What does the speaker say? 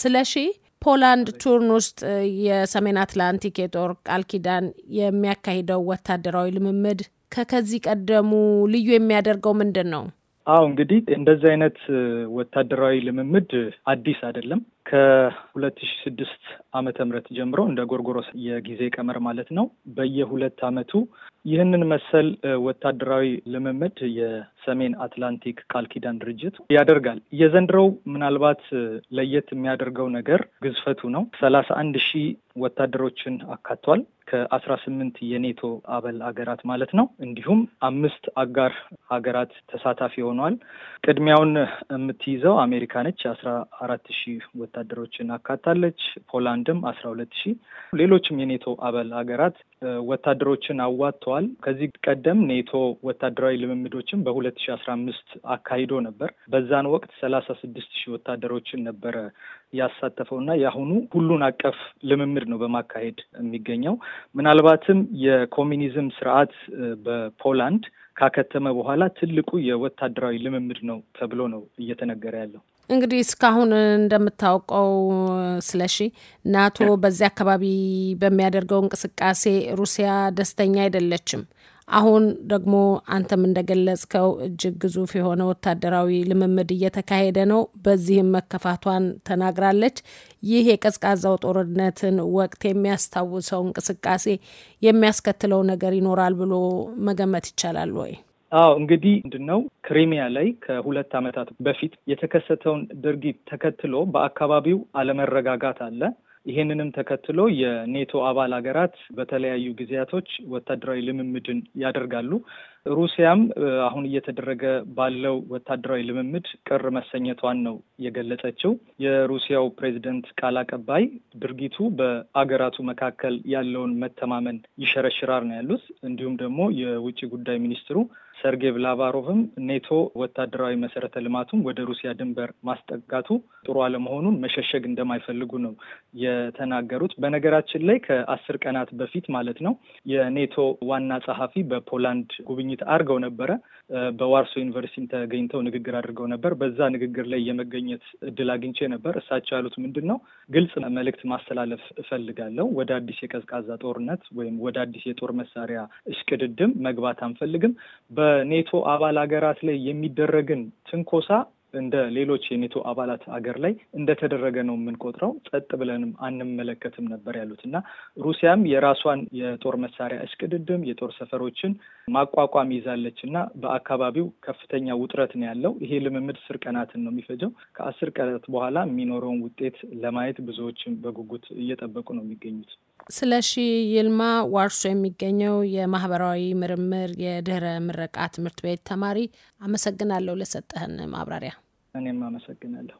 ስለሺ ፖላንድ ቱርን ውስጥ የሰሜን አትላንቲክ የጦር ቃል ኪዳን የሚያካሂደው ወታደራዊ ልምምድ ከከዚህ ቀደሙ ልዩ የሚያደርገው ምንድን ነው? አዎ እንግዲህ እንደዚህ አይነት ወታደራዊ ልምምድ አዲስ አይደለም። ከሁለት ሺ ስድስት ዓመተ ምህረት ጀምሮ እንደ ጎርጎሮስ የጊዜ ቀመር ማለት ነው። በየሁለት ዓመቱ ይህንን መሰል ወታደራዊ ልምምድ የሰሜን አትላንቲክ ካልኪዳን ድርጅት ያደርጋል። የዘንድሮው ምናልባት ለየት የሚያደርገው ነገር ግዝፈቱ ነው። ሰላሳ አንድ ሺህ ወታደሮችን አካቷል። ከአስራ ስምንት የኔቶ አባል ሀገራት ማለት ነው። እንዲሁም አምስት አጋር ሀገራት ተሳታፊ ሆኗል። ቅድሚያውን የምትይዘው አሜሪካ ነች። አስራ አራት ሺህ ወታደሮችን አካታለች። ፖላንድም አስራ ሁለት ሺህ ሌሎችም የኔቶ አባል ሀገራት ወታደሮችን አዋጥተዋል። ከዚህ ቀደም ኔቶ ወታደራዊ ልምምዶችን በሁለት ሺህ አስራ አምስት አካሂዶ ነበር። በዛን ወቅት ሰላሳ ስድስት ሺህ ወታደሮችን ነበረ ያሳተፈው እና የአሁኑ ሁሉን አቀፍ ልምምድ ነው በማካሄድ የሚገኘው። ምናልባትም የኮሚኒዝም ስርዓት በፖላንድ ካከተመ በኋላ ትልቁ የወታደራዊ ልምምድ ነው ተብሎ ነው እየተነገረ ያለው። እንግዲህ እስካሁን እንደምታውቀው ስለሺ ናቶ በዚያ አካባቢ በሚያደርገው እንቅስቃሴ ሩሲያ ደስተኛ አይደለችም። አሁን ደግሞ አንተም እንደገለጽከው እጅግ ግዙፍ የሆነ ወታደራዊ ልምምድ እየተካሄደ ነው። በዚህም መከፋቷን ተናግራለች። ይህ የቀዝቃዛው ጦርነትን ወቅት የሚያስታውሰው እንቅስቃሴ የሚያስከትለው ነገር ይኖራል ብሎ መገመት ይቻላል ወይ? አዎ እንግዲህ ምንድነው ክሪሚያ ላይ ከሁለት ዓመታት በፊት የተከሰተውን ድርጊት ተከትሎ በአካባቢው አለመረጋጋት አለ። ይህንንም ተከትሎ የኔቶ አባል ሀገራት በተለያዩ ጊዜያቶች ወታደራዊ ልምምድን ያደርጋሉ። ሩሲያም አሁን እየተደረገ ባለው ወታደራዊ ልምምድ ቅር መሰኘቷን ነው የገለጸችው። የሩሲያው ፕሬዚደንት ቃል አቀባይ ድርጊቱ በአገራቱ መካከል ያለውን መተማመን ይሸረሽራል ነው ያሉት። እንዲሁም ደግሞ የውጭ ጉዳይ ሚኒስትሩ ሰርጌይ ላቫሮቭም ኔቶ ወታደራዊ መሰረተ ልማቱን ወደ ሩሲያ ድንበር ማስጠጋቱ ጥሩ አለመሆኑን መሸሸግ እንደማይፈልጉ ነው የተናገሩት። በነገራችን ላይ ከአስር ቀናት በፊት ማለት ነው የኔቶ ዋና ጸሐፊ በፖላንድ ጉብኝት አድርገው ነበረ። በዋርሶ ዩኒቨርሲቲም ተገኝተው ንግግር አድርገው ነበር። በዛ ንግግር ላይ የመገኘት እድል አግኝቼ ነበር። እሳቸው ያሉት ምንድን ነው? ግልጽ መልእክት ማስተላለፍ እፈልጋለሁ። ወደ አዲስ የቀዝቃዛ ጦርነት ወይም ወደ አዲስ የጦር መሳሪያ እሽቅድድም መግባት አንፈልግም። በኔቶ አባል ሀገራት ላይ የሚደረግን ትንኮሳ እንደ ሌሎች የኔቶ አባላት አገር ላይ እንደተደረገ ነው የምንቆጥረው። ጸጥ ብለንም አንመለከትም ነበር ያሉት እና ሩሲያም የራሷን የጦር መሳሪያ እሽቅድድም የጦር ሰፈሮችን ማቋቋም ይዛለች እና በአካባቢው ከፍተኛ ውጥረት ነው ያለው። ይሄ ልምምድ አስር ቀናትን ነው የሚፈጀው። ከአስር ቀናት በኋላ የሚኖረውን ውጤት ለማየት ብዙዎችም በጉጉት እየጠበቁ ነው የሚገኙት። ስለሺ ይልማ ዋርሶ የሚገኘው የማህበራዊ ምርምር የድህረ ምረቃ ትምህርት ቤት ተማሪ፣ አመሰግናለሁ ለሰጠህን ማብራሪያ። እኔም አመሰግናለሁ